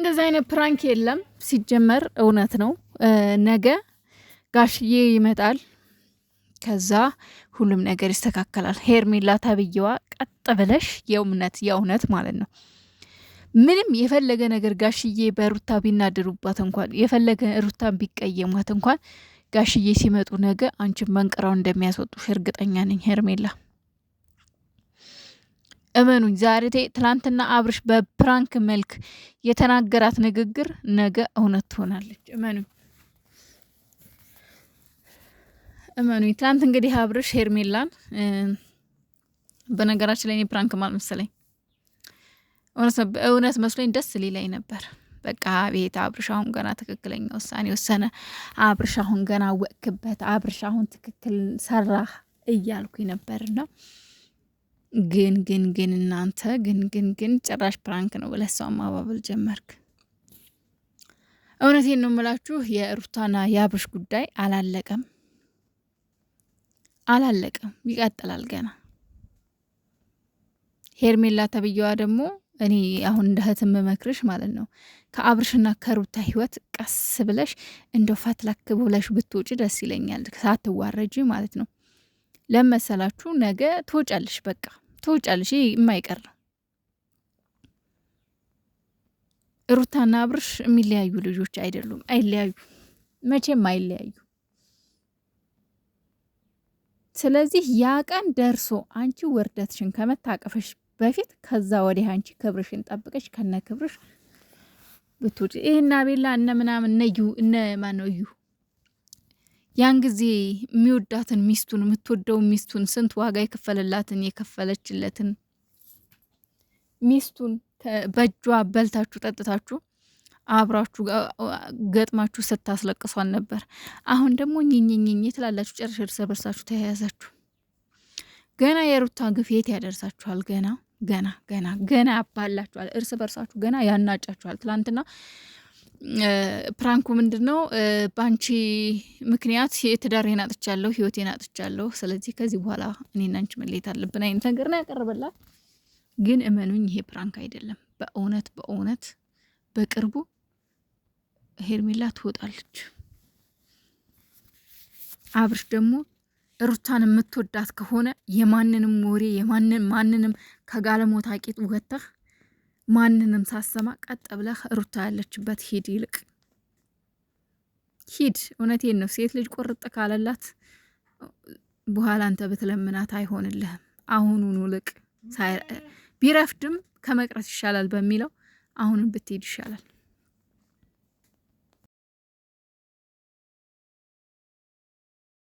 እንደዚህ አይነት ፕራንክ የለም። ሲጀመር እውነት ነው። ነገ ጋሽዬ ይመጣል። ከዛ ሁሉም ነገር ይስተካከላል። ሄርሜላ ተብዬዋ ቀጥ ብለሽ የእውነት የእውነት ማለት ነው ምንም የፈለገ ነገር ጋሽዬ በሩታ ቢናደሩባት እንኳን የፈለገ ሩታን ቢቀየሟት እንኳን ጋሽዬ ሲመጡ ነገ አንቺን መንቅራው እንደሚያስወጡሽ እርግጠኛ ነኝ ሄርሜላ። እመኑኝ ዛሬ ትላንትና አብርሽ በፕራንክ መልክ የተናገራት ንግግር ነገ እውነት ትሆናለች። እመኑኝ እመኑኝ። ትላንት እንግዲህ አብርሽ ሄርሜላን በነገራችን ላይ እኔ ፕራንክ አልመሰለኝ እውነት መስሎኝ ደስ ሊላይ ነበር። በቃ አቤት አብርሽ አሁን ገና ትክክለኛ ውሳኔ ወሰነ። አብርሽ አሁን ገና ወቅክበት። አብርሽ አሁን ትክክል ሰራህ እያልኩኝ ነበር ነው ግን ግን ግን እናንተ ግን ግን ግን ጭራሽ ፕራንክ ነው ብለህ ሰው ማባበል ጀመርክ። እውነቴን ነው የምላችሁ የሩታና የአብርሽ ጉዳይ አላለቀም አላለቀም፣ ይቀጥላል ገና። ሄርሜላ ተብዬዋ ደግሞ እኔ አሁን እንደ እህት የምመክርሽ ማለት ነው ከአብርሽና ከሩታ ህይወት ቀስ ብለሽ እንደው ፈትለክ ብለሽ ብትውጭ ደስ ይለኛል፣ ሳትዋረጂ ማለት ነው። ለመሰላችሁ ነገ ትወጫለሽ፣ በቃ ትወጫለሽ። ይሄ የማይቀር ነው። ሩታና አብርሽ የሚለያዩ ልጆች አይደሉም። አይለያዩ፣ መቼም አይለያዩ። ስለዚህ ያ ቀን ደርሶ አንቺ ውርደትሽን ከመታቀፈሽ በፊት ከዛ ወዲህ አንቺ ክብርሽን ጠብቀሽ ከነ ክብርሽ ብትውጭ ይህና ቤላ እነ ምናምን እነዩ እነ ማነው እዩ ያን ጊዜ የሚወዳትን ሚስቱን የምትወደው ሚስቱን ስንት ዋጋ የከፈለላትን የከፈለችለትን ሚስቱን በእጇ በልታችሁ ጠጥታችሁ አብራችሁ ገጥማችሁ ስታስለቅሷን ነበር። አሁን ደግሞ ኝኝኝኝ ትላላችሁ። ጨረሻ እርስ በርሳችሁ ተያያዛችሁ። ገና የሩታ ግፍ የት ያደርሳችኋል? ገና ገና ገና ገና ያባላችኋል። እርስ በርሳችሁ ገና ያናጫችኋል። ትላንትና ፕራንኩ ምንድን ነው? በአንቺ ምክንያት የትዳሬን አጥቻለሁ፣ ህይወቴን አጥቻለሁ። ስለዚህ ከዚህ በኋላ እኔና አንቺ መለየት አለብን አይነት ነገር ነው ያቀረበላት። ግን እመኑኝ ይሄ ፕራንክ አይደለም። በእውነት በእውነት በቅርቡ ሄርሜላ ትወጣለች። አብርሽ ደግሞ ሩታን የምትወዳት ከሆነ የማንንም ወሬ የማንን ማንንም ከጋለሞታ ቂጥ ወጥተህ ማንንም ሳሰማ ቀጥ ብለህ ሩታ ያለችበት ሂድ፣ ይልቅ ሂድ። እውነቴን ነው። ሴት ልጅ ቁርጥ ካለላት በኋላ አንተ ብትለምናት አይሆንልህም። አሁኑኑ ልቅ ቢረፍድም ከመቅረት ይሻላል በሚለው አሁንም ብትሄድ ይሻላል።